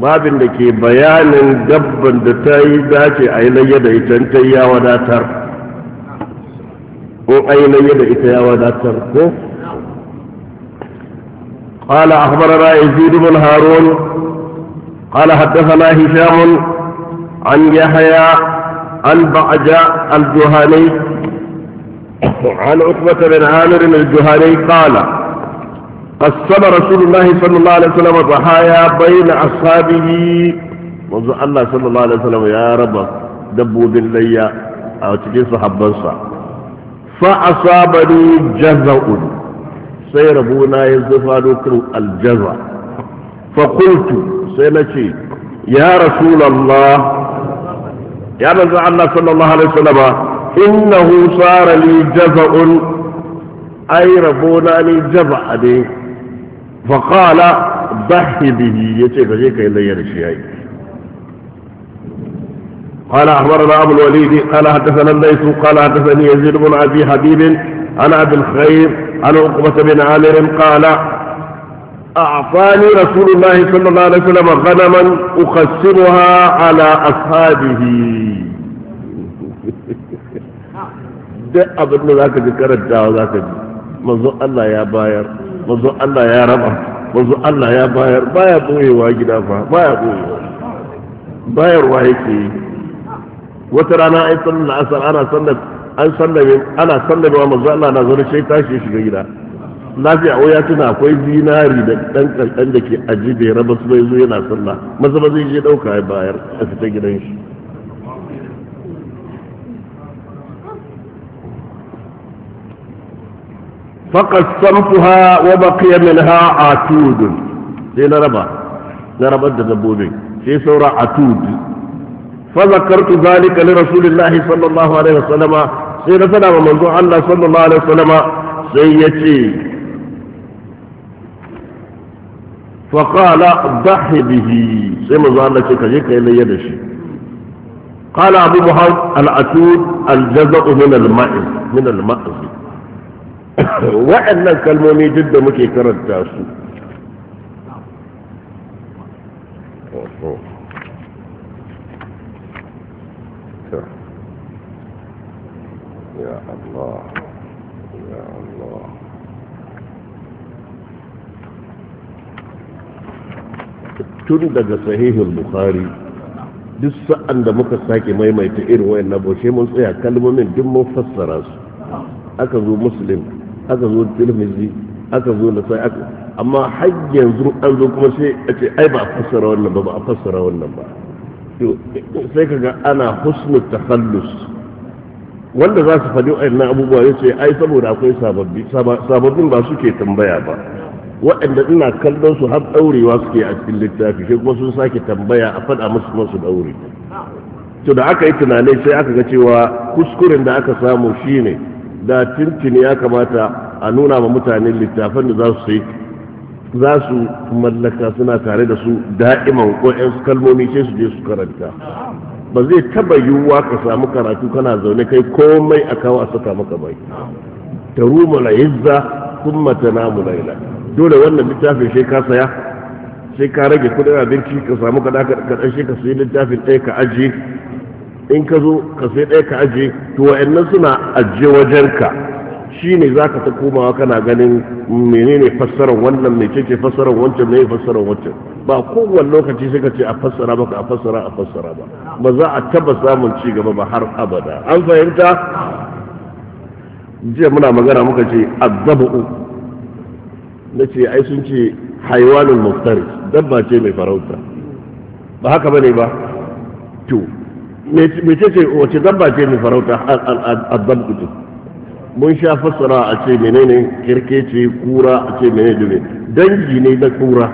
babin da ke bayanin dabban da ta yi dace a yi da ita ta ya wadatar ko a yi da ita ya wadatar ko قال أخبرنا يزيد بن هارون قال حدثنا هشام عن يحيى عن بعجاء الجهني عن عتبة بن عامر الجهني قال قسم رسول الله صلى الله عليه وسلم الضحايا بين أصحابه منذ الله صلى الله عليه وسلم يا رب دبوا بالليا أو تجي صحبا صح فأصابني جزع سيربونا يزفادوا الجزع فقلت سينتي يا رسول الله يا رسول الله صلى الله عليه وسلم إنه صار لي جزء أي ربونا لي جزع عليه فقال ضحي به يتيك جيك إلا يرشيهي قال أخبرنا أبو الوليد قال حدثنا الليث قال حدثني يزيد بن أبي حبيب عن أبي الخير عن عقبة بن عامر قال أعطاني رسول الله صلى الله عليه وسلم غنما أقسمها على أصحابه ده abin da ذاك ka ذاك karantawa الله يا باير manzo Allah ya raba manzo Allah ya bayar baya boyewa gida fa baya boyewa bayarwa yake yi wata rana ai sallar asar ana sallar an sallame ana wa manzo Allah na zaune sai tashi shiga gida lafiya oya tuna akwai zinari da dan kankan da ke aji bai raba su bai zo yana sallah maza ba zai je dauka ya bayar a fita gidan shi فقسمتها وبقي منها عتود زي نربا نربا الدبوبين في سورة عتود فذكرت ذلك لرسول الله صلى الله عليه وسلم سيدنا سلام منذ الله صلى الله عليه وسلم سيتي فقال ضحي به سيما زال لك كذلك إلى يدشي قال أبو محمد العتود الجزء من الماء من المأزي waɗannan kalmomi duk da muke karanta su يا الله يا الله tun daga sahihul bukhari duk sa'an da muka sake maimaita irin wayan na boshe mun tsaya kalmomin duk mun fassara su aka zo muslim aka zo tilmizi aka zo na sai aka amma har yanzu an zo kuma sai a ce ai ba a fassara wannan ba ba a fassara wannan ba sai kaga ana husnu takhallus wanda za su faɗi waɗannan abubuwa ya ce ai saboda akwai sababbi sababbin ba suke tambaya ba waɗanda ina kallon su har ɗaurewa suke a cikin littafi sai kuma sun sake tambaya a faɗa musu masu ɗaure to da aka yi tunanin sai aka ga cewa kuskuren da aka samu shine da tintin ya kamata a nuna ma mutane littafan da za su sai za su mallaka suna tare da su da'iman ko su kalmomi ce su je su karanta ba zai taba yiwuwa ka samu karatu kana zaune kai komai a kawo a saka maka bai ta ruma na hizza sun mata namu laila dole wannan littafin sai ka saya sai ka rage kudin abinci ka samu kada ka kadan sai ka sayi littafin ɗaya ka ajiye in ka zo ka sai ɗaya ka ajiye to wa'annan suna ajiye wajenka shi ne za ka ta komawa kana ganin menene fassarar wannan mai ce ce fassarar wancan mai fassarar wancan ba kowane lokaci sai ka ce a fassara ba, ka a fassara a fassara ba ba za a taba samun ci gaba ba har abada an fahimta jiya muna magana muka ce azzabu na ce ai sun ce haiwanin muftari dabba ce mai farauta ba haka bane ba to mece ce wace dabba ce mai farauta addan kudu mun sha fassara a ce menene ce kura a ce menene dume dangi ne na kura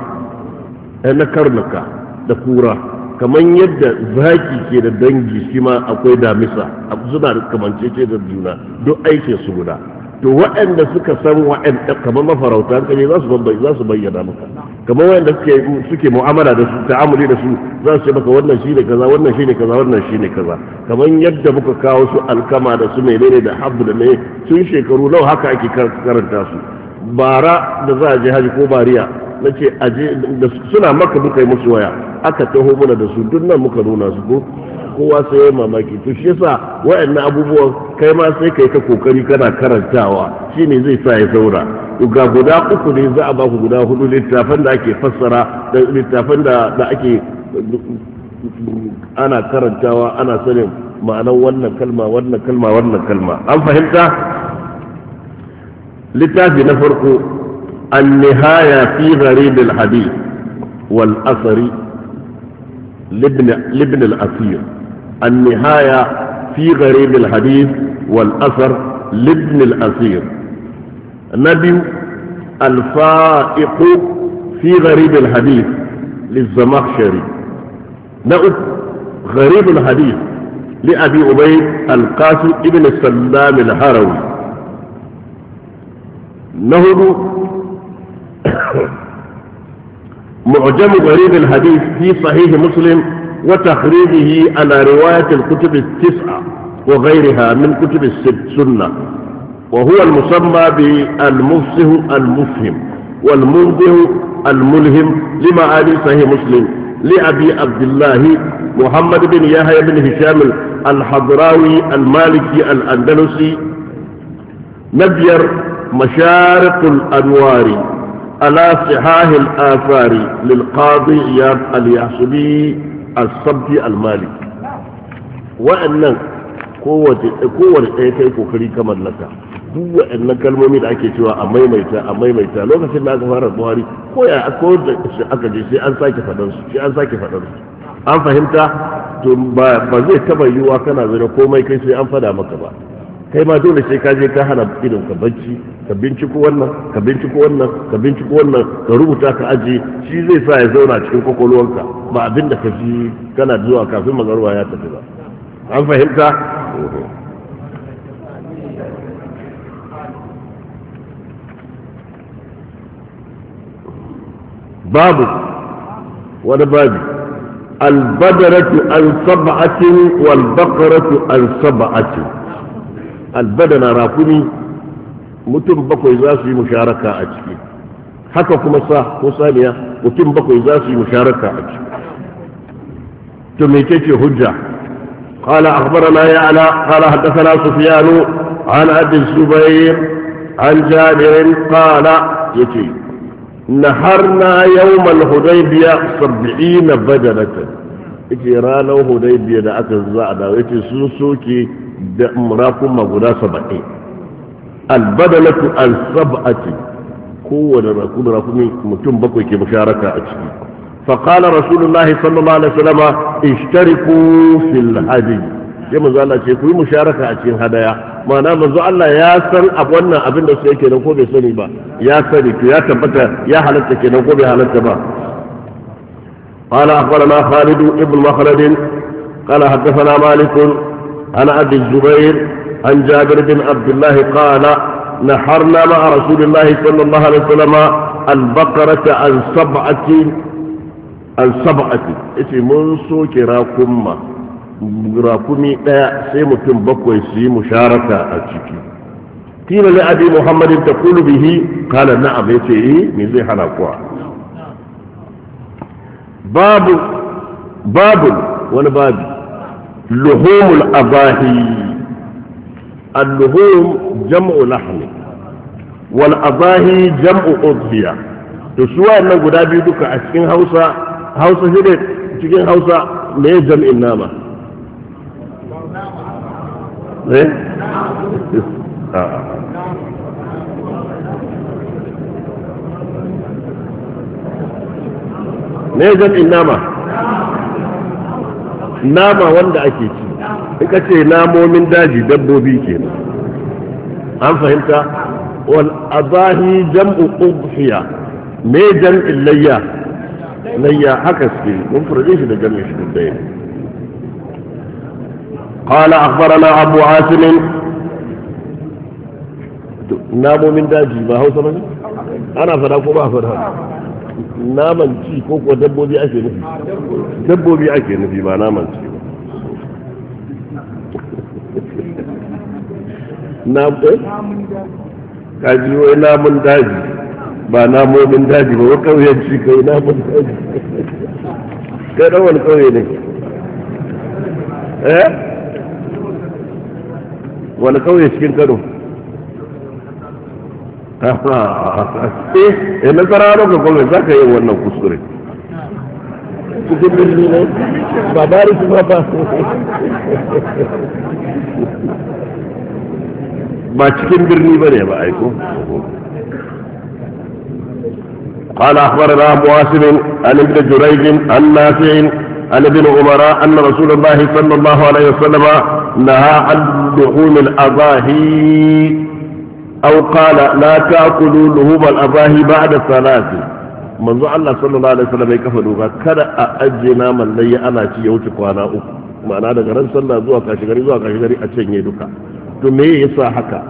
eh, na karnuka da kura kamar yadda zaki ke da dangi shi ma akwai damisa suna kamance ce da juna duk aikin su guda to waɗanda suka san waɗanda kamar mafarauta kaje za su za su bayyana maka kamar waɗanda suke suke mu'amala da su ta'amuli da su za su ce maka wannan shine kaza wannan shine kaza wannan shine kaza kamar yadda muka kawo su alkama da su menene da habbu da me sun shekaru nawa haka ake karanta su bara da za a je haji ko bariya na ce suna maka muka yi musu waya aka taho mana da su duk nan muka nuna su ko kowa sai ya mamaki to shi yasa waɗannan abubuwan kai ma sai kai ta kokari kana karantawa shine zai sa ya saura to ga guda uku ne za a ba ku guda hudu littafan da ake fassara da littafan da da ake ana karantawa ana sanin ma'anar wannan kalma wannan kalma wannan kalma an fahimta littafi na farko an-nihaya fi gharib al-hadith wal asari لابن, لابن الأثير النهاية في غريب الحديث والأثر لابن الأسير نبي الفائق في غريب الحديث للزمخشري نقف غريب الحديث لأبي عبيد القاسم ابن السلام الهروي نهض معجم غريب الحديث في صحيح مسلم وتخريجه على رواية الكتب التسعة وغيرها من كتب الست سنة وهو المسمى بالمفسه المفهم والمنبه الملهم علي صحيح مسلم لأبي عبد الله محمد بن يحيى بن هشام الحضراوي المالكي الأندلسي نبير مشارق الأنوار على صحاح الآثار للقاضي إياد اليحسبي asabti almali wa'annan kowace ɗaya kai kokari ka mallaka duk wa'annan kalmomi da ake cewa a maimaita a maimaita lokacin da aka fara buhari ko ya ko da aka je sai an sake faɗan su sai an sake faɗan su an fahimta to ba zai taba yiwuwa kana zira komai kai sai an fada maka ba kai ma dole sai ka je ka hana idon ka bacci ka binciko wannan ka binciko wannan ka binciko wannan ka rubuta ka aje shi zai sa ya zauna cikin kwakwalwarka ba abin da ka ji kana zuwa kafin magarwa ya tafi ba an fahimta babu wani babu albadaratu an saba'atin wal baqaratu an albadana rakumi mutum bakwai za su yi musharaka a ciki haka kuma sa ko saniya mutum bakwai za su yi musharaka a ciki to me kake hujja qala akhbarana ya ala qala hadathana sufyanu an abi subayr an jabir qala yace naharna yawmal hudaybiya 70 badalatan yace ranar hudaybiya da aka za a dawo yace su soke da rakuma guda saba'in albadalatu an sab'ati kowane rakumi rakumi mutum bakwai ke musharaka a ciki فقال رسول الله صلى الله عليه وسلم اشتركوا في الهدي ya manzo Allah ce ku yi musharaka a cikin hadaya Mana manzo Allah ya san wannan abin da su yake nan ko bai sani ba ya sani to ya tabbata ya halatta ke da ko bai halatta ba قال أخبرنا خالد ابن مخلد قال حدثنا مالك عن ابي الزبير عن جابر بن عبد الله قال نحرنا مع رسول الله صلى الله عليه وسلم البقرة عن سبعة عن سبعة اسم سوك راكم راكم سيم تنبك ويسيم مشاركة أتشكي قيل لأبي محمد تقول به قال نعم يتي إيه؟ من زي حلقوا باب باب ونبابي luhumul abahi al-luhum jam'u lahmi wal abahi jam'u udhiya to su wayannan guda biyu duka a cikin Hausa Hausa shi ne cikin Hausa me jam'in nama eh? ah. me jam'in nama nama wanda ake ci in ka ce namomin daji dabbobi kenan an fahimta wal abahi jam'u udhiya me jam'in layya layya haka suke mun furɗe shi da jam'in shi duk ɗaya قال أخبرنا أبو عاصم ناموا من داجي ما ana سمعني أنا فلا أقول ما naman ci ko ko dabbobi ake nufi dabbobi ake nufi ba naman ci ba na eh? kaji wai namun daji ba namomin daji ba wa ci kai namun daji kai dan wani kauye ne eh wani kauye cikin kano ايه اللي ترى لو كل ذاك هو انه كسوري كسوري مين باباري ما با ما تشكين برني بني با قال اخبر الاب واسم ان ابن جريج الناسع ان ابن عمر ان رسول الله صلى الله عليه وسلم نهى عن لحوم الاضاحي أو قال لا تأكلوا لهوب الأباهي بعد الصلاة منذ الله صلى الله عليه وسلم يكفر كذا أجنا من لي ya wuce kwana uku ma'ana daga ran sallah zuwa kashi gari zuwa kashi gari a canye duka to me yasa haka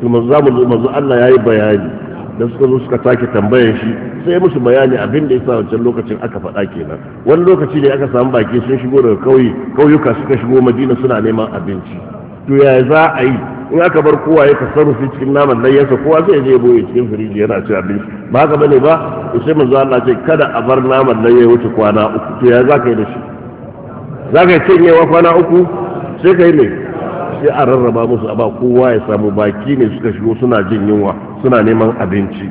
to manzo mu manzo Allah yayi bayani da suka zo suka sake tambayar shi sai musu bayani abin da yasa wancan lokacin aka faɗa kenan wani lokaci ne aka samu baki sun shigo daga kauye kauyuka suka shigo madina suna neman abinci to ya za a yi in aka bar kowa ya rufi cikin naman nan yasa kowa zai je boye cikin firiji yana ci abinci ba haka bane ba sai manzo Allah ce kada a bar naman nan ya wuce kwana uku to ya zaka yi da shi zaka yi cinyewa kwana uku sai kai ne sai a rarraba musu a ba kowa ya samu baki ne suka shigo suna jin yunwa suna neman abinci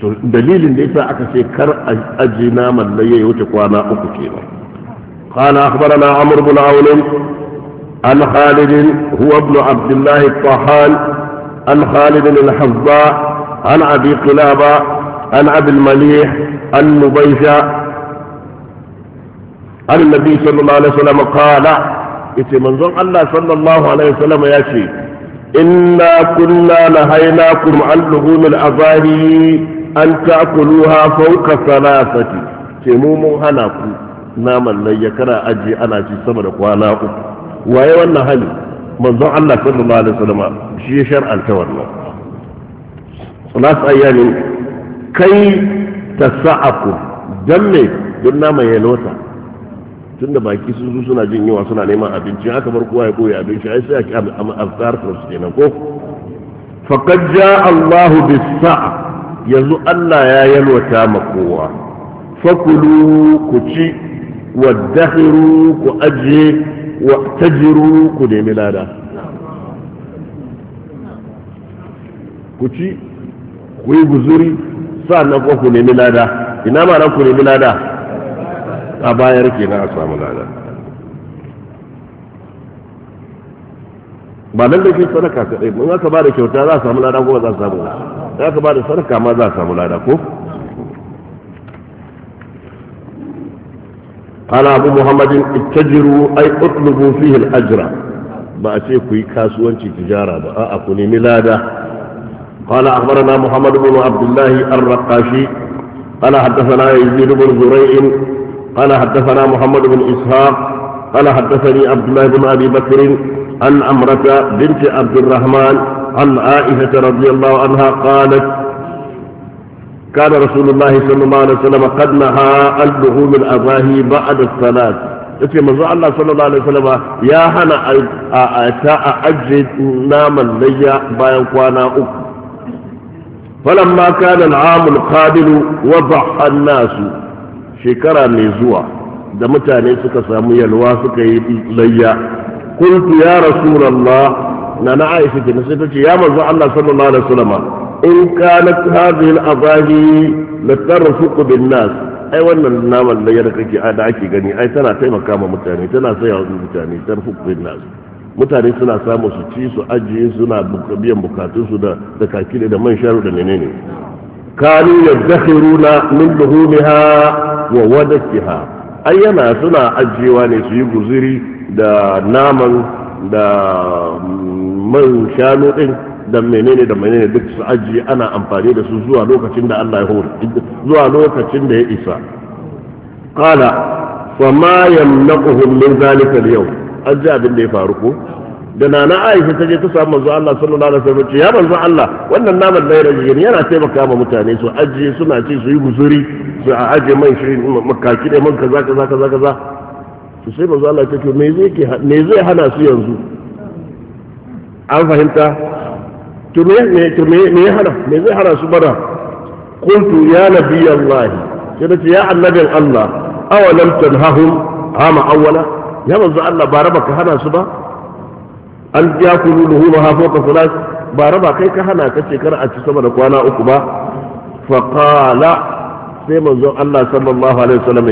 to dalilin da yasa aka ce kar a aji naman nan ya wuce kwana uku kenan قال أخبرنا عمرو بن عون عن خالد هو ابن عبد الله الطحان عن خالد الحظاء عن أبي قلابة عن أبي المليح عن مبيشة عن النبي صلى الله عليه وسلم قال إتي منظر الله صلى الله عليه وسلم يا شيخ إنا كنا نهيناكم عن لغوم الأظاهر أن تأكلوها فوق ثلاثة تموموا هناكم نام اللي يكرا أجي أنا في سمر وانا أكل waye wannan hali manzon Allah sallallahu alaihi wasallam shi ya shar'anta wannan salat ayyamin kai tasa'aku dan me don nama ya lota tunda baki sun zo suna jin yawa suna neman abinci aka bar kowa ya koya abinci ai sai a azkar su kenan ko faqad jaa Allahu bis-sa'a yanzu Allah ya yalwata ma kowa fakulu ku ci waddahiru ku ajiye wa tajiru ku nemi lada ku ci ku yi guzuri sa'annan kuma ku nemi lada ina ma ku nemi lada a bayar na a samu lada ba nan da ke sadaka kaɗai mun aka ba da kyauta za a samu lada ko ba za a samu lada za ka ba da sadaka ma za a samu lada ko قال أبو محمد اتجروا أي اطلبوا فيه الأجر بأتيكوا كاسوان تجارة بأأكني ملادة قال أخبرنا محمد بن عبد الله الرقاشي قال حدثنا يزيد بن زريع قال حدثنا محمد بن إسحاق قال حدثني عبد الله بن أبي بكر عن أمرة بنت عبد الرحمن عن عائشة رضي الله عنها قالت كان رسول الله صلى الله عليه وسلم قد نهى اللحوم الأضاهي بعد الصلاة في مزوع الله صلى الله عليه وسلم يا هنا أتاء أجد نام لي بايان قوانا فلما كان العام القادم وضع الناس شكرا لزوع da mutane suka samu yalwa suka yi layya kuntu ya rasulallah na na aisha ta يا ya الله صلى الله عليه وسلم in kanat hadhihi al-abahi latarfuqu bin nas ai wannan naman da yadda kake da ake gani ai tana taimaka ma mutane tana saya wa mutane tarfuqu bin nas mutane suna samu su ci su ajiye suna biyan bukatunsu da da kaki da man sharu da menene kanu yaddakhiruna min luhumiha wa wadakiha ai yana suna ajiyewa ne su yi guziri da naman da man shanu din Dan menene da menene duk su ajiye ana amfani da su zuwa lokacin da Allah ya hore zuwa lokacin da ya isa qala fa ma yamnaquhum min zalika al-yawm ajiye abin da ya faru ko da nana Aisha ta je ta samu manzo Allah sallallahu alaihi wasallam ya manzo Allah wannan naman da ya yana taimaka ma mutane su ajiye suna ci su yi guzuri su ajiye mai shirin makaki da man kaza kaza kaza kaza Su sai manzo Allah ya ce me zai me zai hana su yanzu an fahimta قلت يا نبي الله كده يا نبي الله او لم تنههم عام اولا يا من الله باربك هنا سبا ان ياكلوا لهمها فوق ثلاث باربا كي كهنا كشكر سبا نكوانا اكبا فقال سي من الله صلى الله عليه وسلم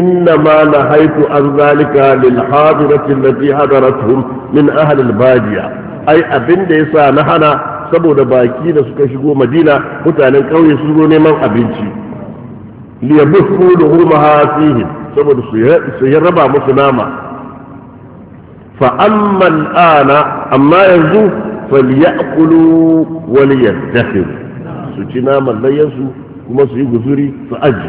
انما نهيت عن ذلك للحاضره التي حضرتهم من اهل الباديه ai abin da sa na hana saboda baki da suka shigo madina mutanen ƙauye su zo neman abinci liyabufu da hurmaha fihim saboda su yi raba musu nama fa amma ana amma yanzu falyakulu wal su ci naman layyansu kuma su yi guzuri su aji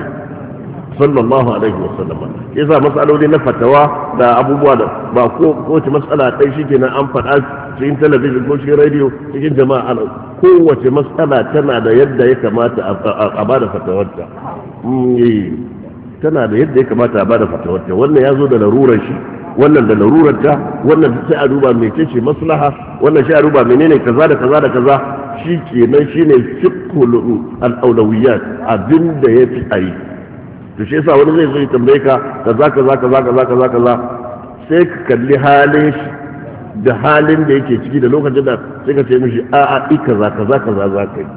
صلى الله عليه وسلم اذا مساله دي نفتوا دا ابوبوا دا با كو كوتي مساله تاي شيكينا ان فدا في تلفزيون كو شي راديو شيكين جماعه انا كوتي مساله تانا دا يدا يكمات ابا دا فتوا دا اي تانا دا يدا يكمات ابا دا فتوا دا ولا يازو دا ضروره شي ولا دا ضروره دا ولا سي ادوبا ميتشي مصلحه ولا شي ادوبا منينه كذا دا كذا دا كذا شيكينا شيني شكل الاولويات ابين دا يتي to shi yasa wani zai zo tambaye ka kaza kaza kaza kaza kaza kaza sai ka kalli halin shi da halin da yake ciki da lokacin da sai ka ce mishi a a za kaza kaza kaza za ka yi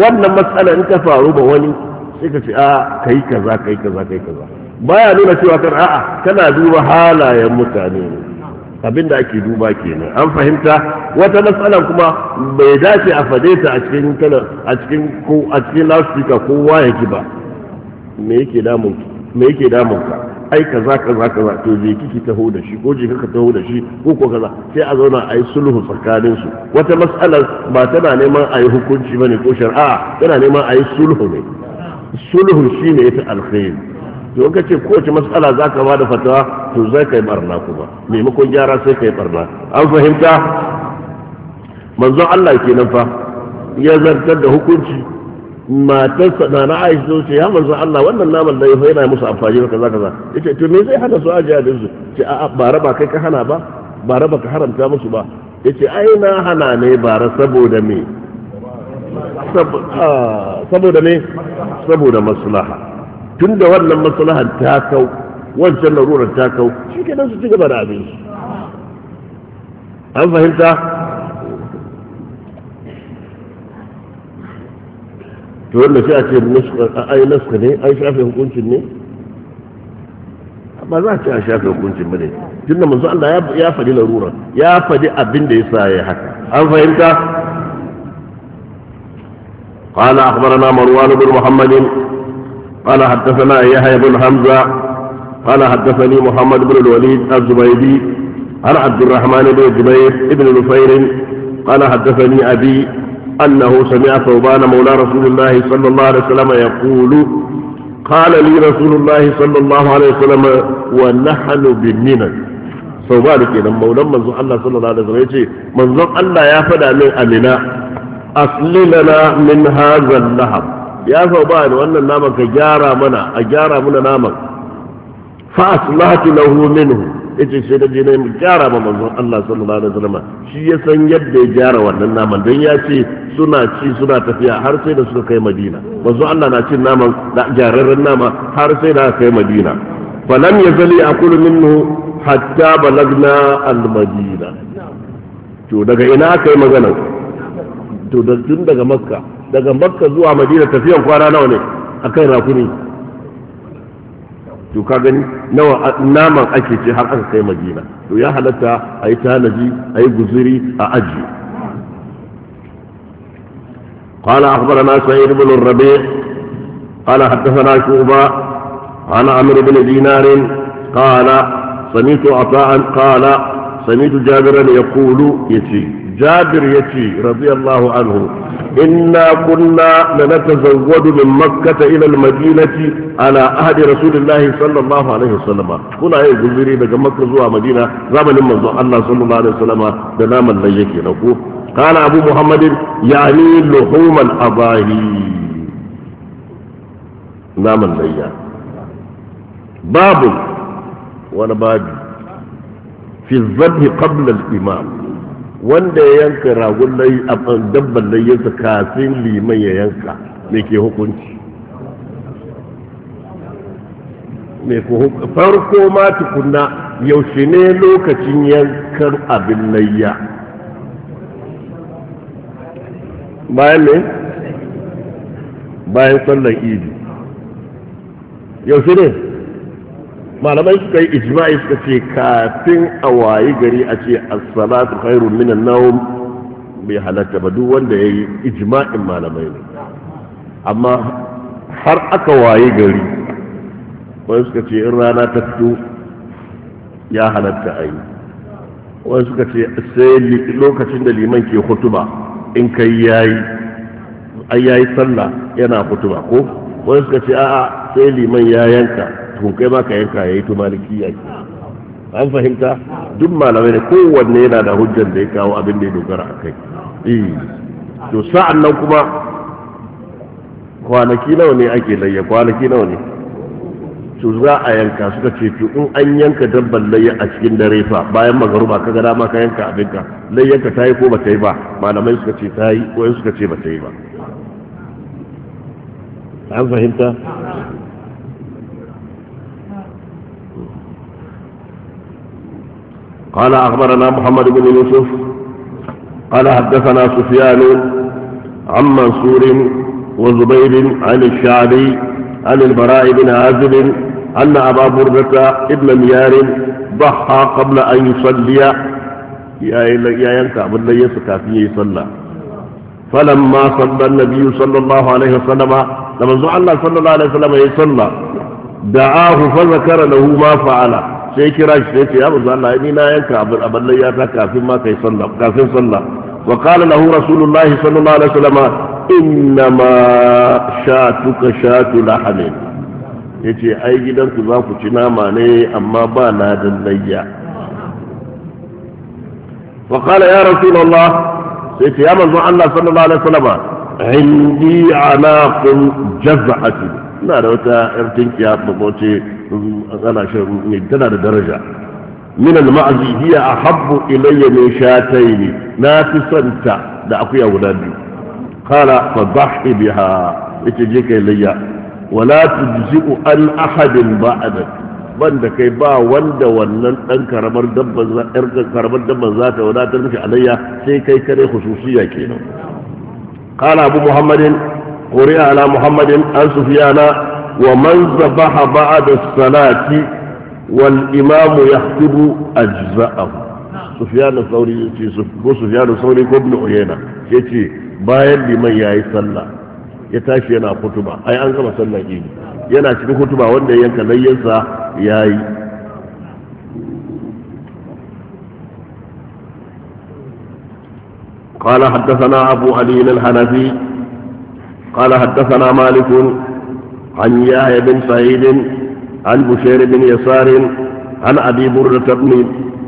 wannan matsala in ka faru ba wani sai ka ce a kai kaza yi kaza kai kaza baya nuna cewa kan a'a kana duba halayen mutane ne abin da ake duba kenan an fahimta wata matsala kuma bai dace a fade ta a cikin a cikin ko a cikin ko kowa ki ba me yake damun me yake damun ka ai kaza kaza kaza to je kiki taho da shi ko je kaka taho da shi ko ko kaza sai a zauna a yi sulhu tsakanin su wata mas'ala ba tana neman a yi hukunci bane ko shar'a tana neman a yi sulhu ne sulhu shine ita alkhair to ka ce kowace mas'ala za ka ba da fatawa to zai kai barna kuma maimakon gyara sai kai barna an fahimta manzon Allah kenan fa ya zartar da hukunci matarsa na na aisha sun ce ya manzo Allah wannan naman da yafa yana musu amfani ba kaza kaza yace to me zai hana su aje abin su ce a'a ba raba kai ka hana ba ba raba ka haramta musu ba yace ai na hana ne bara saboda me saboda me saboda maslaha da wannan maslahan ta kau wancan larurar ta kau shi kenan su ci gaba da abin su an fahimta تقول له تأتي النسخة أي نسخة ني أي شافي هكونت ني ما لا تأتي شافي هكونت ني جلنا من ظهر الله يافدي لرورة يافدي أبن دي ساي حتى هل فهمت قال أخبرنا مروان بن محمد قال حدثنا يحيى بن حمزة قال حدثني محمد بن الوليد الزبيدي عن عبد الرحمن بن جبير بن نفير قال حدثني أبي أنه سمع ثوبان مولى رسول الله صلى الله عليه وسلم يقول قال لي رسول الله صلى الله عليه وسلم ونحن بمنى ثوبان كنا مولى من منزل الله صلى الله عليه وسلم يقول منزل الله يا فدا من أمنا أصل لنا من هذا اللحم يا ثوبان وأن النامك جارى منا أجارى منا نامك فأصلحت له منه yace sai da je na gyara ma manzon Allah sallallahu alaihi wasallam shi ya san yadda ya gyara wannan naman don ya ce suna ci suna tafiya har sai da suka kai Madina manzon Allah na cin naman da gyararren nama har sai da kai Madina falam yazali aqulu minhu hatta balagna al-Madina to daga ina kai magana to tun daga Makka daga Makka zuwa Madina tafiyan kwana nawa ne akan rakuni to ka gani nawa naman ake ce har aka kai madina to ya halatta a yi tanaji a yi guzuri a aji قال أخبرنا سعيد بن الربيع قال حدثنا شعبة عن عمرو بن دينار قال سمعت عطاء قال سمعت جابرا يقول يسير جابر يتي رضي الله عنه إنا كنا لنتزود من مكة إلى المدينة على أهد رسول الله صلى الله عليه وسلم كنا أي جزيري لك مكة زوا مدينة زمن من الله صلى الله عليه وسلم دلاما ليكي نقول قال أبو محمد يعني لحوم الأضاهي نام الليا باب باب في الذبح قبل الإمام wanda ya yanka ragun nai a dabban layyarsa kafin liman ya yanka me ke hukunci me hukunci farko ma tukunna yaushe ne lokacin yankan abin layya bayan ne bayan sallar idi yaushe ne malamai suka yi ijma'i suka ce kafin a wayi gari a ce as-salatu khairun minan nawm bai halatta ba duk wanda yayi ijma'in malamai ne amma har aka wayi gari wani suka ce in rana ta fito ya halatta a yi wani suka ce sai lokacin da liman ke hutuba in kai yayi ai yayi sallah yana hutuba ko wani suka ce a'a sai liman ya yanka to kai ma ka yanka yayi to maliki ke? an fahimta duk malamai ne kowanne yana da hujjar da ya kawo abin da ya dogara a kai eh, to sa'an nan kuma kwanaki nawa ne ake layya kwanaki nawa ne to za a yanka suka ce to in an yanka dabban layya a cikin dare fa bayan magaruba ka ga dama ka yanka abinka layyanka ta yi ko ba ta yi ba malamai suka ce ta yi ko suka ce ba ta yi ba an fahimta قال أخبرنا محمد بن يوسف قال حدثنا سفيان عن منصور وزبير عن الشعبي عن البراء بن عازب أن أبا بردة ابن ميار ضحى قبل أن يصلي يا ينكع بالله يسكى فيه يصلى فلما صلى النبي صلى الله عليه وسلم لما زعل الله صلى الله عليه وسلم يصلى دعاه فذكر له ما فعل sai kira shi sai ce ya manzo Allah ni na yanka abin abin ya ta kafin ma kai sallah kafin sallah wa qala lahu rasulullahi sallallahu alaihi wasallam inna ma shatuka shatu lahamin yace ai gidan gidanku za ku ci nama ne amma ba na dallayya wa qala ya rasulullah sai ce ya manzo Allah sallallahu alaihi wasallam indi anaqun jaz'atin na da wata yar tinkiya babba ce ana shan tana da daraja min al-ma'zi hiya ahabbu ilayya min shatayn na fi santa da akuya guda biyu qala fadhhi biha ita je kai layya wala tujzi'u an ahadin ba'dak banda kai ba wanda wannan dan karamar dabban za yar karamar dabban za ta wadatar miki alayya sai kai kare khususiyya kenan qala abu muhammadin قرئ على محمد ان سفيان ومن ذبح بعد الصلاة والإمام يخطب أجزاءه سفيان الثوري سفيان الثوري ابن عيينة يتي باين لمن يأي صلى يتاشي أنا خطبة أي أنقم صلى إيه ينا شنو خطبة وانا ينكا لينسى يأي قال حدثنا أبو علي الحنفي قال حدثنا مالك عن يحيى بن سعيد عن بشير بن يسار عن أبي بردة بن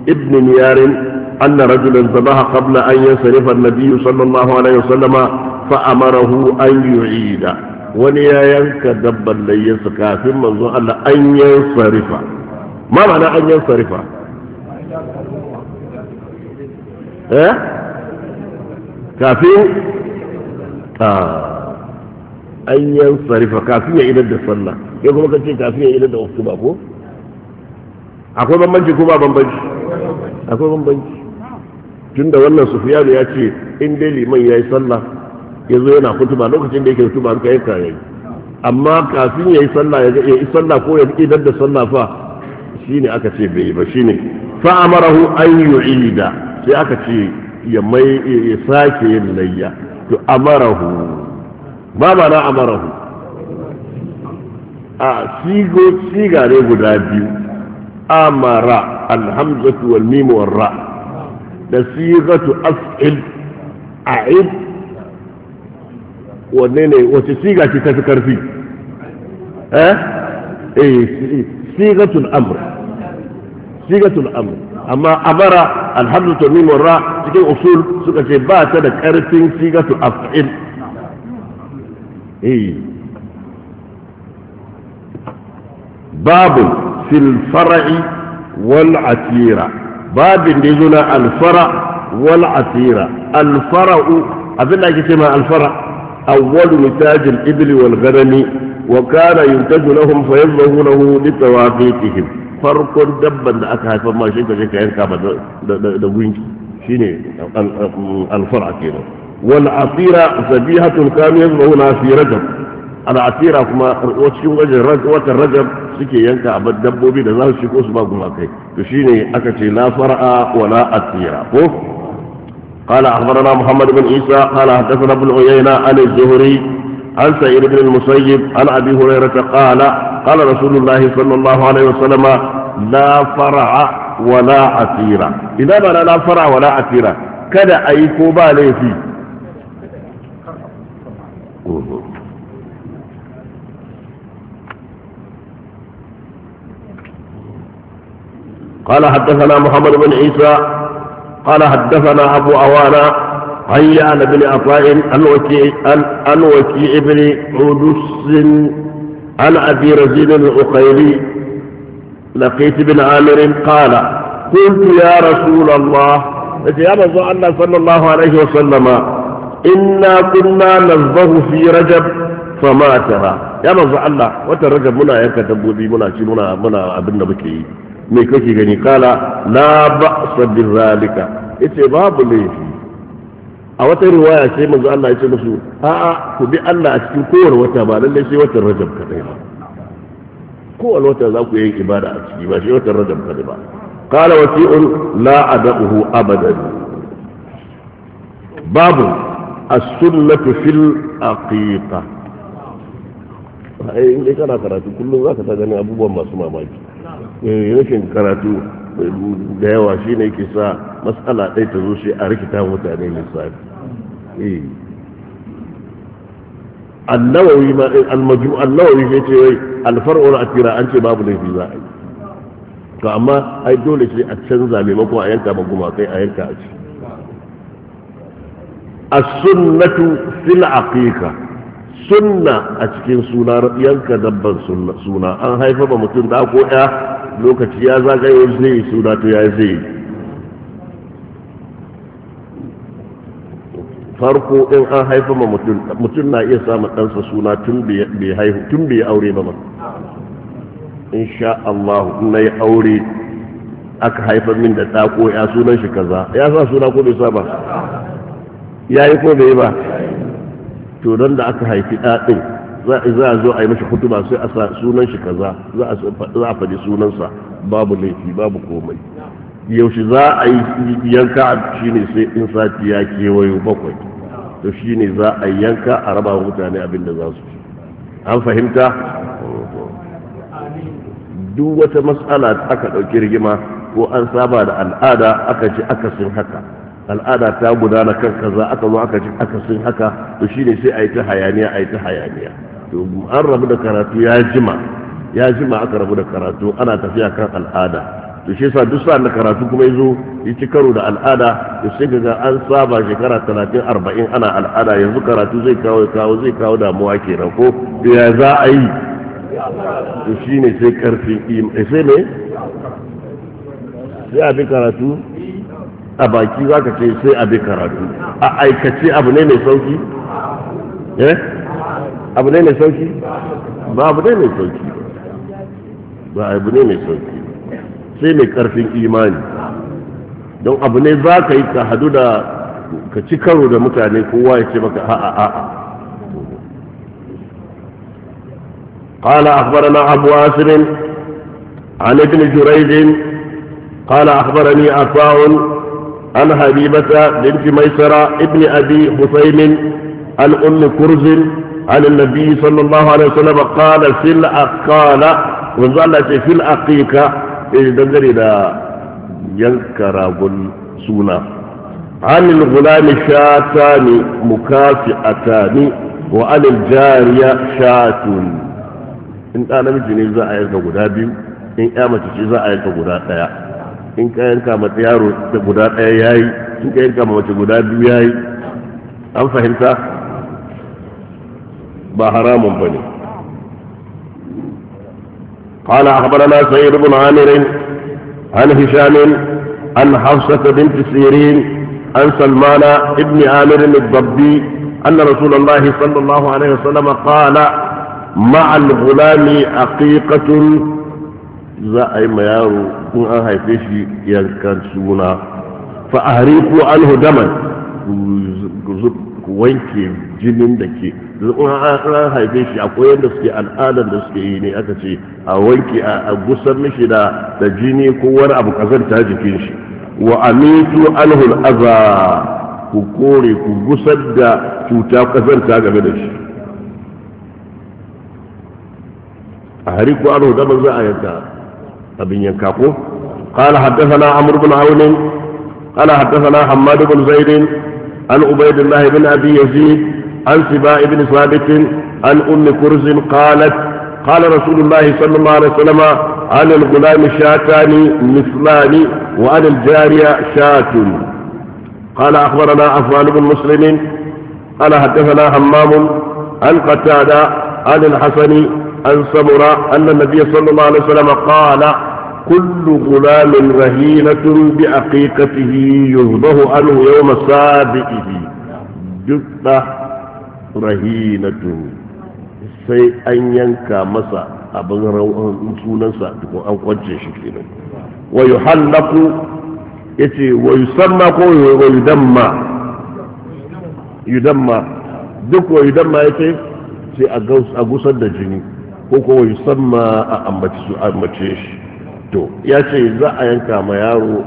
ابن نيار أن رجلا ذبح قبل أن ينصرف النبي صلى الله عليه وسلم فأمره أن يعيد وني ينك دبا ليس layyarsa من ظل ان an ما معنى ان ma'ana ها؟ yan آه. an yan sarifa kafin ya idar da sallah ya kuma kace kafin ya idar da wasu ba ko akwai bambanci ko ba bambanci akwai bambanci tunda wannan sufiyanu ya ce in dai liman ya yi sallah ya zo yana kutuba lokacin da yake kutuba an kai ka yayi amma kafin ya yi sallah ya yi sallah ko ya idar da sallah fa shine aka ce bai yi ba shine fa amarahu an yu'ida sai aka ce ya mai ya sake yin layya to amarahu ba ma na amarahu a sigo siga ne guda biyu amara alhamzatu wal mim wal ra da sigatu af'il a'id wanne ne wace siga ce tafi karfi eh eh sigatul amr sigatul amr amma amara alhamzatu wal mim wal ra cikin usul suka ce ba ta da karfin sigatu af'il ايه باب في الفرع والعتيرة باب نزل الفرع والعتيرة الفرع أبدا كتما الفرع أول نتاج الإبل والغنم وكان ينتج لهم فيظهونه لتواقيتهم فرق دبا أكهى فما شئت شكا يركب دوينك شيني الفرع كينا والعصيرة زبيحة كان يذبحونها في رجب العصيرة كما وتشين وجه رجب وتر رجب suke yanka a dabbobi da za su shigo تشيني أكتي لا to ولا أثيرة قال أخبرنا محمد بن عيسى قال حدثنا ابن عيينة عن الزهري عن سعيد بن المسيب عن أبي هريرة قال قال رسول الله صلى الله عليه وسلم لا فرع ولا عثيرة إذا لا فرع ولا عثيرة كذا أي كوبا ليه فيه قال حدثنا محمد بن عيسى قال حدثنا أبو أوانا عن يعلى بن عطاء عن وكيع بن عدس عن أبي رزين الأخيري لقيت بن عامر قال قلت يا رسول الله يا رسول الله صلى الله عليه وسلم inna kunna nazbahu fi rajab fama tara ya manzo Allah watan rajab muna yanka dabbobi muna ci muna muna abin da muke yi me kake gani kala la ba'sa bi zalika yace babu laifi a wata riwaya sai manzo Allah ya ce musu a'a ku bi Allah a cikin kowane wata ba lallai sai watan rajab kadai ba kowane wata za ku yi ibada a ciki ba sai watan rajab kadai ba qala wasi'un la adahu abadan babu as-sunnatu fil aqiqa eh in kana karatu kullum zaka ta gani abubuwan masu mamaki eh rashin karatu da yawa shine yake sa matsala ɗaya ta zo shi a rikita mutane lissafi eh annawawi ma al-majidu almaju annawawi sai ce wai alfar'u atira an ce babu laifi za a yi to amma ai dole sai a canza maimakon a yanka ba gumakai a yanka a ci. as-sunnatu fil aqiqa sunna a cikin suna yanka dabban suna an haifa ba mutum da ko ya lokaci ya zagaye zai suna to ya zai farko in an haifa ma mutum na iya samun ɗansa suna tun bai haihu tun bai aure ba ma insha Allah na yi aure aka haifa min da ɗa ko ya sunan shi kaza ya sa suna ko bai sa ba ya yi ko bai ba to don da aka haifi ɗaɗin za a zo a yi mashi hutuba sai a sa sunan shi kaza za a faɗi sunansa babu laifi babu komai yaushe za a yi yanka shi ne sai in sati ya kewayo bakwai to shi ne za a yi yanka a raba mutane abin da za su ci an fahimta duk wata matsala aka ɗauki rigima ko an saba da al'ada aka ci akasin haka al'ada ta gudana kan kaza aka zo aka ji aka sun haka to shine sai a yi ta hayaniya a yi ta hayaniya to an rabu da karatu ya jima ya jima aka rabu da karatu ana tafiya kan al'ada to shi yasa duk sa'an da karatu kuma yazo ya ci karo da al'ada to sai ga an saba shekara 30 40 ana al'ada yanzu karatu zai kawo kawo zai kawo damuwa kenan ko to ya za a yi to shine sai karfin imani sai ne sai bi karatu a baki za ka ce sai a bi karatu a aikace abu ne mai sauki eh abu ne mai sauki ba abu ne mai sauki ba abu ne mai sauki sai mai karfin imani don abu ne za ka yi ka hadu da ka ci karo da mutane kowa ya ce maka a'a a'a قال أخبرنا أبو آسر عن ابن جريج قال أخبرني عفاء عن حبيبة بنت ميسرة ابن أبي حسين عن أم كرز عن النبي صلى الله عليه وسلم قال في الأقال وظلت في الأقيكة إذا دا ينكر سونا عن الغلام شاتان مكافئتان وعن الجارية شات إن أنا مجني إذا غدا بيو إن أمتي أيضا غلابي in ka yanka mata yaro da guda ɗaya ya yi in ka yanka mace guda biyu ya yi an fahimta ba haramun ba ne قال أخبرنا سعيد بن عامر عن هشام عن حفصة بنت سيرين عن سلمان بن عامر الضبي أن رسول الله صلى الله عليه وسلم قال مع الغلام عقيقة za a yi ma yaro in an haife shi yankan suna fa ko anhu daman ku wanke jinin da ke in an haife shi akwai yadda suke al'adar da suke yi ne aka ce a wanke a gusar mishi da jini ko wani abu kazanta jikin shi wa amitu anhu al'aza ku kore ku gusar da cuta kazanta game da shi a hari ko anhu daman za a yanka قال حدثنا عمرو بن عون قال حدثنا حماد بن زيد عن عبيد الله بن ابي يزيد عن سباء بن ثابت عن ام كرز قالت قال رسول الله صلى الله عليه وسلم عن الغلام شاتان مثلان وعن الجاريه شات قال اخبرنا عفان بن مسلم قال حدثنا همام عن قتاده عن الحسن عن سمرة أن النبي صلى الله عليه وسلم قال كل غلام رهينة بعقيقته يهضه عنه يوم سابئه جثة رهينته sai an yanka masa abin sunansa ko an kwance shi kenan wa yuhallaku yace wa yusamma ko wa yudamma yudamma duk wa yudamma yace sai a gusar da jini ko ko yusamma a ambace su ambace shi to ya ce za a yanka ma yaro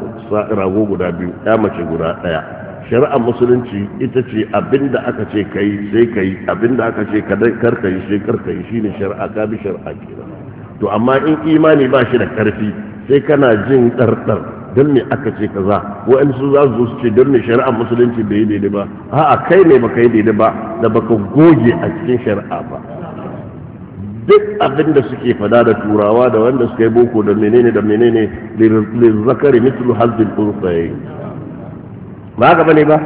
rago guda biyu ya mace guda daya shari'ar musulunci ita ce abinda aka ce kai sai kai abinda aka ce karka yi sai karka yi shine shari'a ka bi shari'a kenan to amma in imani ba shi da karfi sai kana jin dardar don me aka ce kaza wa'ansu za su su ce don me shari'ar musulunci bai yi daidai ba a'a kai ne baka yi daidai ba da baka goge a cikin shari'a ba duk abin da suke fada da turawa da wanda suka yi boko da menene da menene lirzakari mitlu hazbin unsayi ba haka bane ba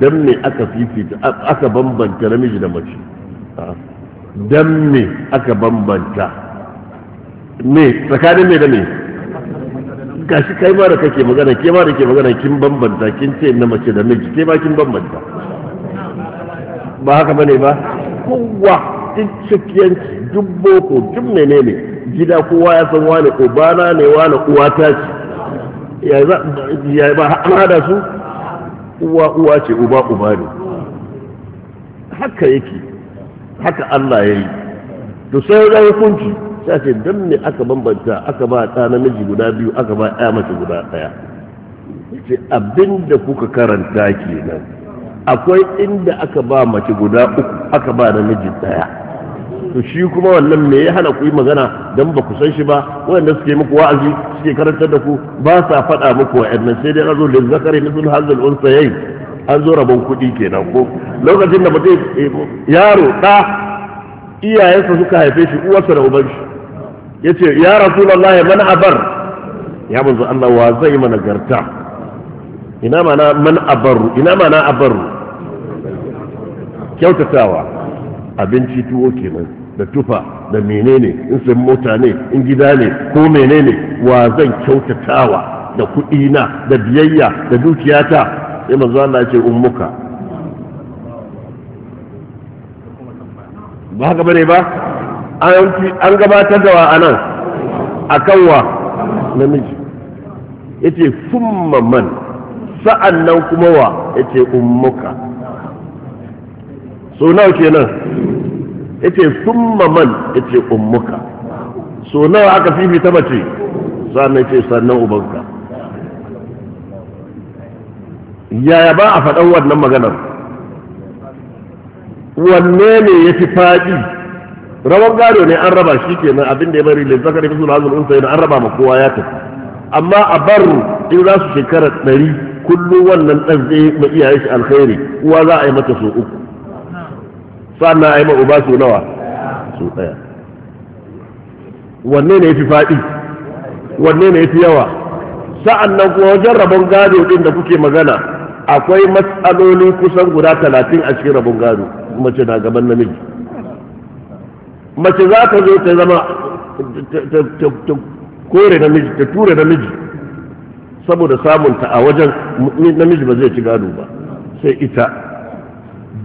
dan me aka fifita aka bambanta namiji da mace dan me aka bambanta me tsakanin me da me gashi kai ma da kake magana ke ma da ke magana kin bambanta kin ce na mace da miji ke ba kin bambanta ba haka bane ba kowa duk cikiyanci duk boko duk menene gida kowa ya san wane ubana ne wane uwata ce ya ba an hada su uwa uwa ce uba uba ne haka yake haka Allah ya yi to sai ya hukunci sai ce dan ne aka bambanta aka ba ta namiji guda biyu aka ba ya mace guda daya ce abinda kuka karanta kenan akwai inda aka ba mace guda uku aka ba namiji daya to shi kuma wannan me ya hana ku yi magana dan ba ku san shi ba wanda suke muku wa'azi suke karantar da ku ba sa faɗa muku wa wa'annan sai dai an zo lil zakari mithl hazal unsayayn an zo rabon kuɗi kenan ko lokacin da mutum yaro ɗa iyayensa suka haife shi uwarsa da uban shi yace ya rasulullahi man abar ya manzo Allah wa zai mana garta ina mana man abaru ina mana abaru kyautatawa abinci tuwo kenan da tufa da menene in sun mota ne in gida ne ko menene wa zan kyautatawa da kuɗi na da biyayya da dukiyata sai manzo Allah ya ce ummuka ba haka bane ba an gabatar da wa anan akan wa namiji yace summa man sa'annan kuma wa yace ummuka so nawa kenan yace summa man yace ummuka so nawa aka ta mace sannan yace sannan ubanka yaya ba a faɗan wannan maganar wanne ne ya fi faɗi rawan gado ne an raba shi kenan abin da ya bari lil zakari fi sulazul unsa an raba ma kowa ya tafi amma a bar in za su shekara ɗari kullum wannan ɗan zai ma iyaye shi alkhairi uwa za a yi mata so uku sannan a yi ma'uba su nawa su ɗaya wanne ne fi faɗi wanne ne fi yawa sa'annan kuma wajen rabon gado ɗin da kuke magana akwai matsaloli kusan guda talatin a cikin rabon gado mace na gaban namiji mace za ta zo ta zama ta kore namiji ta ture namiji saboda samunta a wajen namiji ba zai ci gado ba sai ita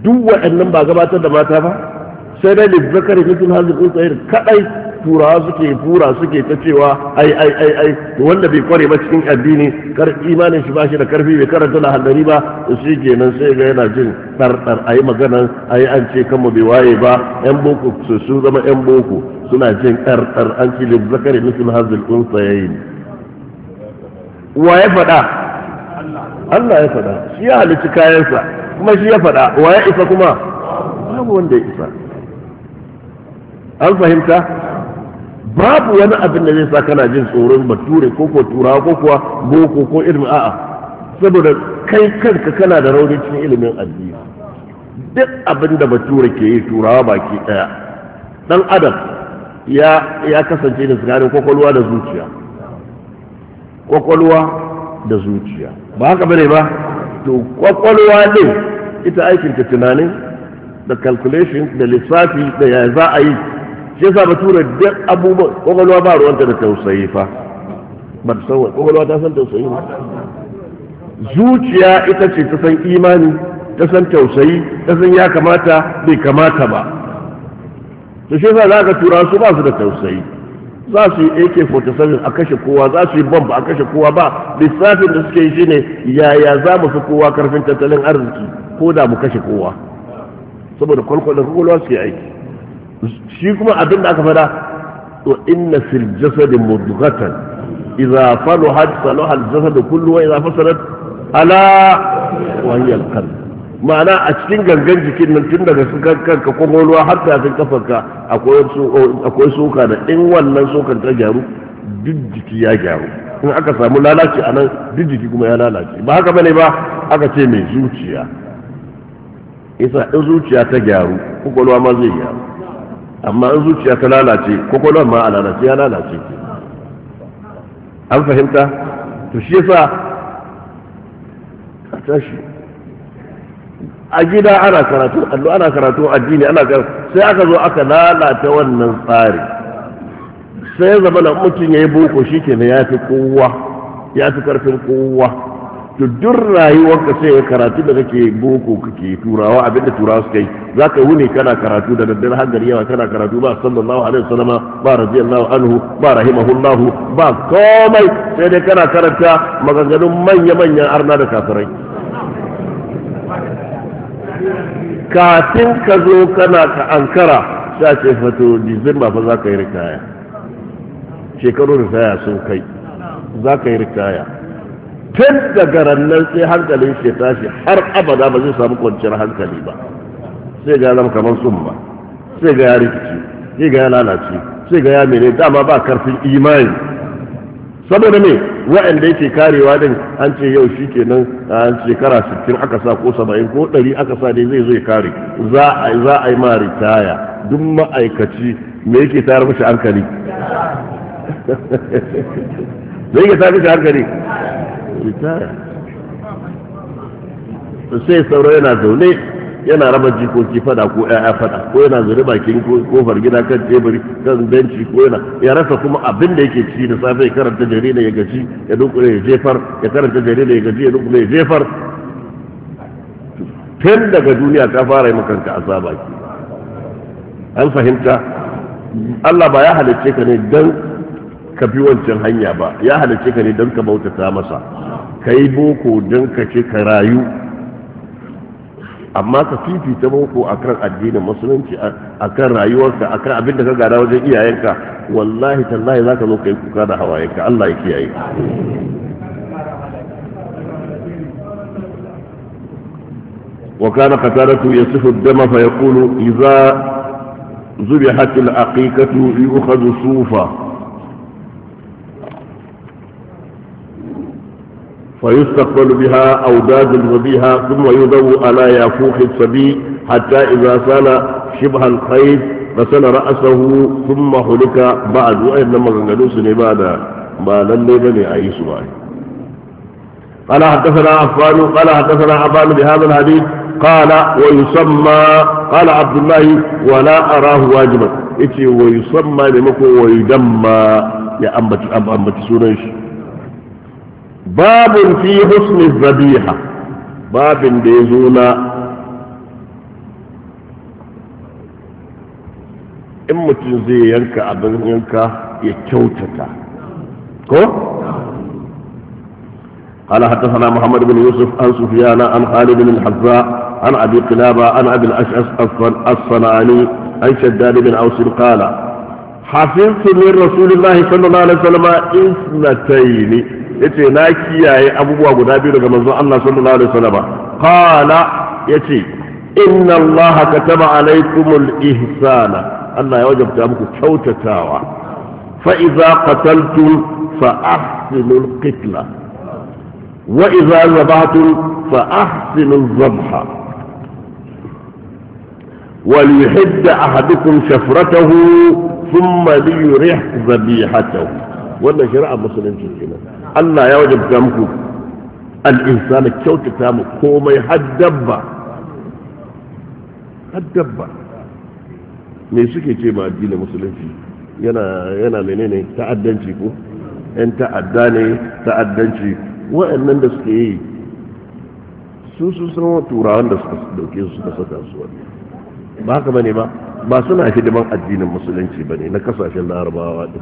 duk waɗannan ba gabatar da mata ba sai dai na mutum hazin tsuntsayin kaɗai turawa suke fura suke ta cewa ai ai ai ai wanda bai kware ba cikin addini kar imanin shi bashi da karfi bai karanta da haddari ba shi kenan sai ga yana jin ɗarɗar magana maganan yi an ce kanmu bai waye ba yan boko su sun zama yan boko suna jin ɗarɗar an ce na mutum hazin tsuntsayin wa ya faɗa Allah ya faɗa shi ya halicci kayansa kuma shi ya faɗa wa ya isa kuma babu wanda ya isa an fahimta babu wani abin da zai sa kana jin tsoron bature ko ko turawa ko kuwa boko ko irin a'a saboda kai kanka kana da raunin cikin ilimin addini duk abin da bature ke yi turawa baki daya dan adam ya ya kasance da tsakanin kwakwalwa da zuciya kwakwalwa da zuciya ba haka bane ba to kwakwalwa din ita aikin ta tunanin da calculation da lissafi da ya za a yi shi yasa ba tura duk abubuwan kwakwalwa ba ruwanta da tausayi fa ba ta san kwakwalwa ta san tausayi ne zuciya ita ce ta san imani ta san tausayi ta san ya kamata bai kamata ba to shi yasa za ka tura su ba su da tausayi za su yi AK-47 a kashe kowa za su yi bomb a kashe kowa ba lissafin da suke yi shine yaya za mu fi kowa karfin tattalin arziki ko da mu kashe kowa saboda kwalkwalin kwakwalwa suke aiki shi kuma abin da aka fada to inna fil jasadi mudghatan idza faluhat salaha al jasad kullu wa idza fasalat ala wa hiya al qalb ma'ana a cikin gangan jikin nan tun daga sun kanka kwakwalwa har tafin kafarka akwai soka da in wannan sokan ta gyaru duk jiki ya gyaru in aka samu lalace a nan duk jiki kuma ya lalace ba haka bane ba aka ce mai zuciya isa in zuciya ta gyaru kwakwalwa ma zai gyaru amma in zuciya ta lalace kwakwalwa ma a lalace ya lalace ke an fahimta to shi yasa a tashi a gida ana karatu allo ana karatu addini ana karatu sai aka zo aka lalata wannan tsari sai zama da mutum ya yi boko shi ke ya fi kowa ya fi karfin kowa to duk ka sai karatu da kake boko kake turawa abin da turawa suka yi za ka wuni kana karatu da daddare har gari yawa kana karatu ba sallallahu alaihi wasallama ba radiyallahu anhu ba rahimahullahu ba komai sai dai kana karanta maganganun manya-manyan arna da kafirai kafin ka zo kana ka ankara za ce fato disamba fa za ka yi rikaya shekaru saya sun kai za ka yi rikaya tun daga rannan sai hankalin shi tashi har abada ba zai samu kwanciyar hankali ba sai ga zama kamar sun ba sai ga ya rikici sai ga ya lalace sai ga ya mene dama ba karfin imani saboda me wa'anda yake karewa din an ce yau shi kenan an shekara 60 aka sa ko 70 ko 100 aka sa dai zai zo ya kare za a za a yi ma ritaya duk ma'aikaci me yake tayar mishi hankali zai yake tayar mishi hankali ritaya sai sauro yana zaune yana raba jikoki fada ko ƴaƴa fada ko yana zuri bakin kofar gida kan teburi kan benci ko yana ya rasa kuma abin da yake ci da safe ya karanta jarida ya gaji ya dukure ya jefar ya karanta jarida ya gaji ya dukure ya jefar tun daga duniya ta fara yi makanka azaba ki an fahimta Allah ba ya halicce ka ne don ka bi wancan hanya ba ya halicce ka ne don ka bautata masa ka yi boko don ka ce ka rayu amma ka fifita boko akan addinin musulunci akan rayuwarka akan abin da ka gada wajen iyayenka wallahi tallahi zaka zo kai kuka da hawayenka Allah ya kiyaye wa kana وكان قتادة يصف الدم فيقول إذا ذبحت aqiqatu yukhadhu sufa فيستقبل بها أوداد وبها ثم يدو على يافوخ الصبي حتى إذا سال شبه الخيط غسل رأسه ثم هلك بعد وإن مغنلوس لماذا ما لن بني أي سؤال قال حدثنا عفان قال حدثنا عفان بهذا الحديث قال ويسمى قال عبد الله ولا أراه واجبا إتي ويسمى لمكو ويدمى يا أمتي أمتي سوريش باب في حسن الذبيحة باب ديزونا إما تنزي ينكا أبن ينكا zai كو؟ قال حدثنا محمد بن يوسف عن سفيان عن خالد بن الحذاء عن ابي قلابه عن ابي الاشعث الصنعاني عن شداد بن اوس قال حفظت من رسول الله صلى الله عليه وسلم اثنتين yace na kiyaye abubuwa guda biyu daga manzon Allah sallallahu alaihi wasallam qala yace inna Allah kataba alaikumul ihsana Allah ya wajabta muku kyautatawa fa idza qataltum fa ahsinul qitla wa idza zabahtum fa ahsinul zabha وليحد أحدكم شفرته ثم ليرح ذبيحته ولا شرع مسلم كده Allah ya wajabta muku al'insana kyautata mu komai haddabba haddabba me suke ce ma addinin musulunci yana yana menene ta'addanci ko yan ta'adda ne ta'addanci wa'annan da suke yi su su san turawan da suka dauke su suka saka su wani ba haka bane ba ba suna hidiman addinin musulunci bane na kasashen larabawa din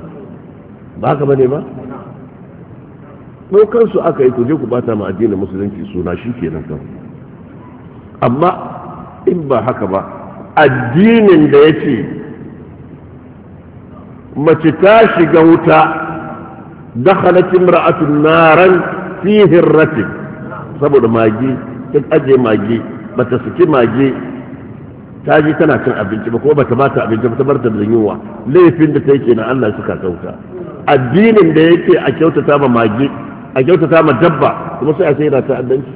ba haka bane ba ɗaukar su aka yi kuje ku bata ma addinin musulunci suna shi kenan kan amma in ba haka ba addinin da ya ce mace ta shiga wuta dakhalat imra'atun naran fi hirratin saboda magi ta aje magi bata saki magi ta ji tana cin abinci ba ko bata bata abinci ba ta bar da yunwa laifin da ta yake na Allah suka kauta addinin da yake a kyautata ma magi a kyautata ma dabba kuma sai a sai da ta'addanci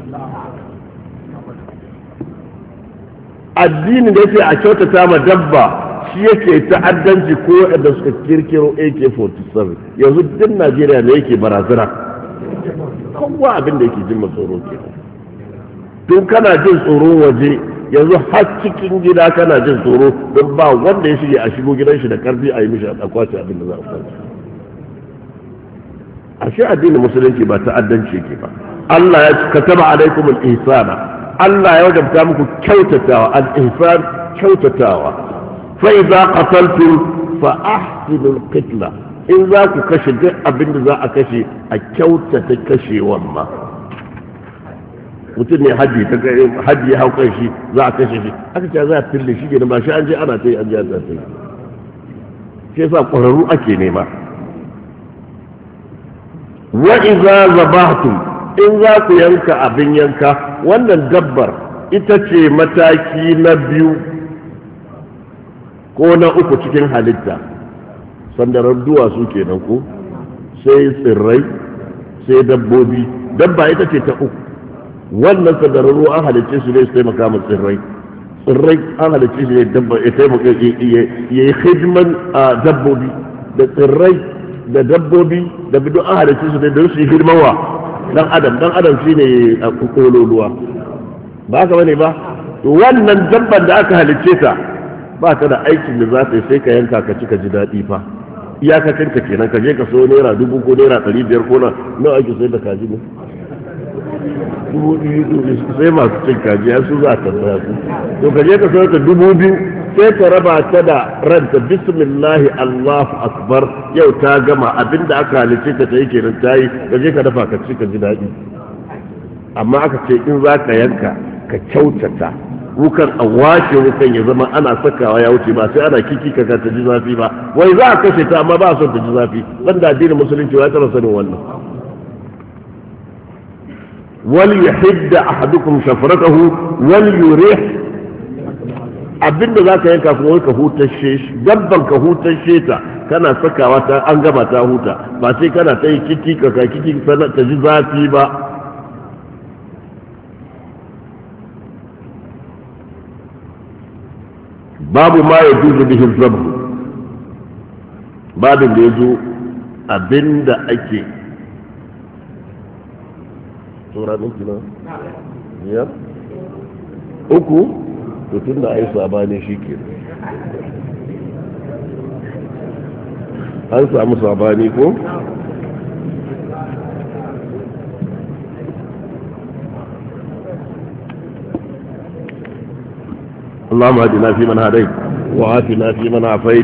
addini da yake a kyautata ma dabba shi yake ta'addanci ko da suka kirkiro AK47 yanzu duk Najeriya ne yake barazana kowa abin da yake jin tsoro ke tun kana jin tsoro waje yanzu har cikin gida kana jin tsoro don ba wanda ya shige a shigo gidan shi da karfi a yi mishi a kwace abin da za a kwace ashe addinin musulunci ba ta'addanci ke ba Allah ya kataba alaikum al-ihsana Allah ya wajabta muku kyautatawa al-ihsan kyautatawa fa idza qataltum fa ahsinu al-qitla in za ku kashe duk abin da za a kashe a kyautata kashewan ma mutum ne hajji ta hajji ya hau shi za a kashe shi aka ce za a fille shi ne ba shi an je ana ta yi an je ana ta yi shi yasa ƙwararru ake nema wa iza zabahtum in za ku yanka abin yanka wannan dabbar ita ce mataki na biyu ko na uku cikin halitta sandarar duwatsu nan ko sai tsirrai sai dabbobi dabba ita ce ta uku wannan ruwa an halicce su ne su taimaka ma tsirrai tsirrai an halicce su ne dabba ya taimaka ya yi hidiman a dabbobi da tsirrai da dabbobi da duk an halicci su ne don su yi hidimar wa dan adam dan adam shine a kokololuwa ba ka bane ba wannan dabban da aka halicce ta ba ta da aikin da za ta yi sai ka yanka ka ci ka ji daɗi fa iyakacin ka kenan ka je ka so naira dubu ko naira ɗari biyar ko na nawa ake sai da kaji ne dubu biyu sai masu cin kaji su za ka su to ka ka ta dubu biyu sai ka raba ta da ranta bismillahi allahu akbar yau ta gama abinda aka halice ta yake yi kenan ta yi ka je ka dafa ka ci ka ji daɗi amma aka ce in za ka yanka ka kyautata wukan a wake wukan ya zama ana sakawa ya wuce ba sai ana kiki ka ta ji zafi ba wai za a kashe ta amma ba a son ta ji zafi da addinin musulunci ya tara sanin wannan wal yahidda ahadukum shafratahu yi yurih abinda yanka kuma ka hutar shi dabban ka shi ta kana sakawa ta an gaba ta huta ba sai kana ta yi kiki ka ka kiki ta ji zafi ba babu ma ya da bihin zabu babin da ya zo abinda ake tsura ɗinki na ya uku tutun da ai saba shi ke an samu saba ne ko Allah na fi man haɗai wa haɗi na fi man haɗai